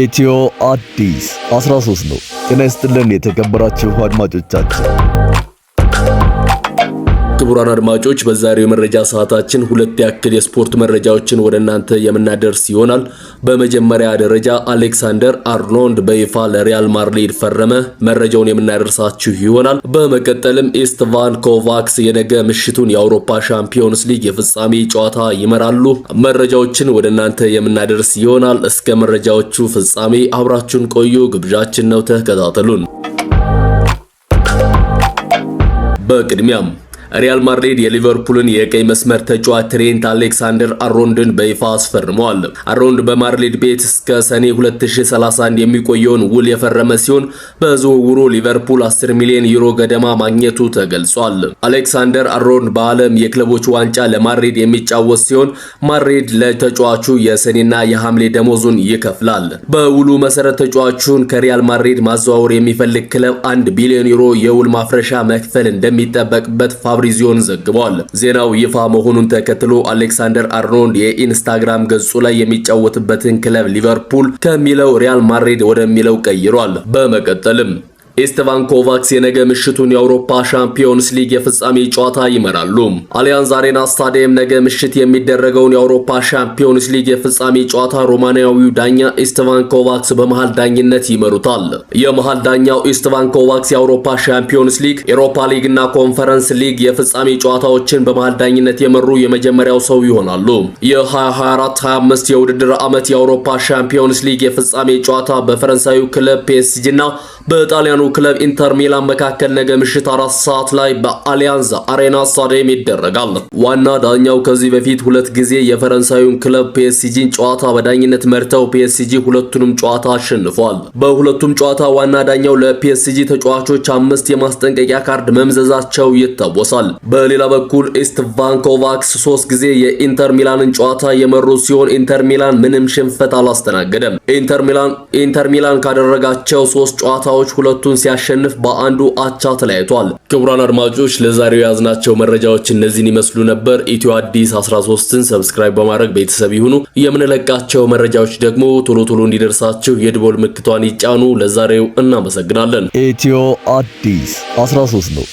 ኢትዮ አዲስ 13 ነው። ጤና ይስጥልን የተከበራችሁ አድማጮቻችን። ክቡራን አድማጮች በዛሬው የመረጃ ሰዓታችን ሁለት ያክል የስፖርት መረጃዎችን ወደ እናንተ የምናደርስ ይሆናል። በመጀመሪያ ደረጃ አሌክሳንደር አርኖልድ በይፋ ለሪያል ማድሪድ ፈረመ፣ መረጃውን የምናደርሳችሁ ይሆናል። በመቀጠልም ኢስትቫን ኮቫክስ የነገ ምሽቱን የአውሮፓ ሻምፒዮንስ ሊግ የፍጻሜ ጨዋታ ይመራሉ፣ መረጃዎችን ወደ እናንተ የምናደርስ ይሆናል። እስከ መረጃዎቹ ፍጻሜ አብራችሁን ቆዩ፣ ግብዣችን ነው። ተከታተሉን። በቅድሚያም ሪያል ማድሪድ የሊቨርፑልን የቀይ መስመር ተጫዋች ትሬንት አሌክሳንደር አሮንድን በይፋ አስፈርመዋል። አሮንድ በማድሪድ ቤት እስከ ሰኔ 2031 የሚቆየውን ውል የፈረመ ሲሆን በዝውውሩ ሊቨርፑል 10 ሚሊዮን ዩሮ ገደማ ማግኘቱ ተገልጿል። አሌክሳንደር አሮንድ በዓለም የክለቦች ዋንጫ ለማድሪድ የሚጫወት ሲሆን ማድሪድ ለተጫዋቹ የሰኔና የሐምሌ ደሞዙን ይከፍላል። በውሉ መሰረት ተጫዋቹን ከሪያል ማድሪድ ማዘዋወር የሚፈልግ ክለብ 1 ቢሊዮን ዩሮ የውል ማፍረሻ መክፈል እንደሚጠበቅበት ፋብሪ ፋብሪዚዮን ዘግቧል። ዜናው ይፋ መሆኑን ተከትሎ አሌክሳንደር አርኖልድ የኢንስታግራም ገጹ ላይ የሚጫወትበትን ክለብ ሊቨርፑል ከሚለው ሪያል ማድሪድ ወደሚለው ቀይሯል። በመቀጠልም ኢስተቫን ኮቫክስ የነገ ምሽቱን የአውሮፓ ሻምፒዮንስ ሊግ የፍጻሜ ጨዋታ ይመራሉ። አሊያንዝ አሬና ስታዲየም ነገ ምሽት የሚደረገውን የአውሮፓ ሻምፒዮንስ ሊግ የፍጻሜ ጨዋታ ሮማንያዊው ዳኛ ኢስተቫን ኮቫክስ በመሃል ዳኝነት ይመሩታል። የመሃል ዳኛው ኢስተቫን ኮቫክስ የአውሮፓ ሻምፒዮንስ ሊግ፣ ኤሮፓ ሊግ እና ኮንፈረንስ ሊግ የፍጻሜ ጨዋታዎችን በመሃል ዳኝነት የመሩ የመጀመሪያው ሰው ይሆናሉ። የ2024/25 የውድድር ዓመት የአውሮፓ ሻምፒዮንስ ሊግ የፍጻሜ ጨዋታ በፈረንሳዩ ክለብ ፒኤስጂ እና በጣሊያኑ ከጣሊያኑ ክለብ ኢንተር ሚላን መካከል ነገ ምሽት አራት ሰዓት ላይ በአሊያንዝ አሬና ስታዲየም ይደረጋል። ዋና ዳኛው ከዚህ በፊት ሁለት ጊዜ የፈረንሳዩን ክለብ ፒኤስጂን ጨዋታ በዳኝነት መርተው ፒኤስጂ ሁለቱንም ጨዋታ አሸንፏል። በሁለቱም ጨዋታ ዋና ዳኛው ለፒኤስጂ ተጫዋቾች አምስት የማስጠንቀቂያ ካርድ መምዘዛቸው ይታወሳል። በሌላ በኩል ኢስት ቫንኮቫክስ ሶስት ጊዜ የኢንተር ሚላንን ጨዋታ የመሩ ሲሆን ኢንተር ሚላን ምንም ሽንፈት አላስተናገደም። ኢንተር ሚላን ካደረጋቸው ሶስት ጨዋታዎች ሁለቱ ሁለቱን ሲያሸንፍ በአንዱ አቻ ተለያይቷል። ክቡራን አድማጮች ለዛሬው የያዝናቸው መረጃዎች እነዚህን ይመስሉ ነበር። ኢትዮ አዲስ 13ን ሰብስክራይብ በማድረግ ቤተሰብ ይሁኑ። የምንለቃቸው መረጃዎች ደግሞ ቶሎ ቶሎ እንዲደርሳችሁ የድቦል ምክቷን ይጫኑ። ለዛሬው እናመሰግናለን። ኢትዮ አዲስ 13 ነው።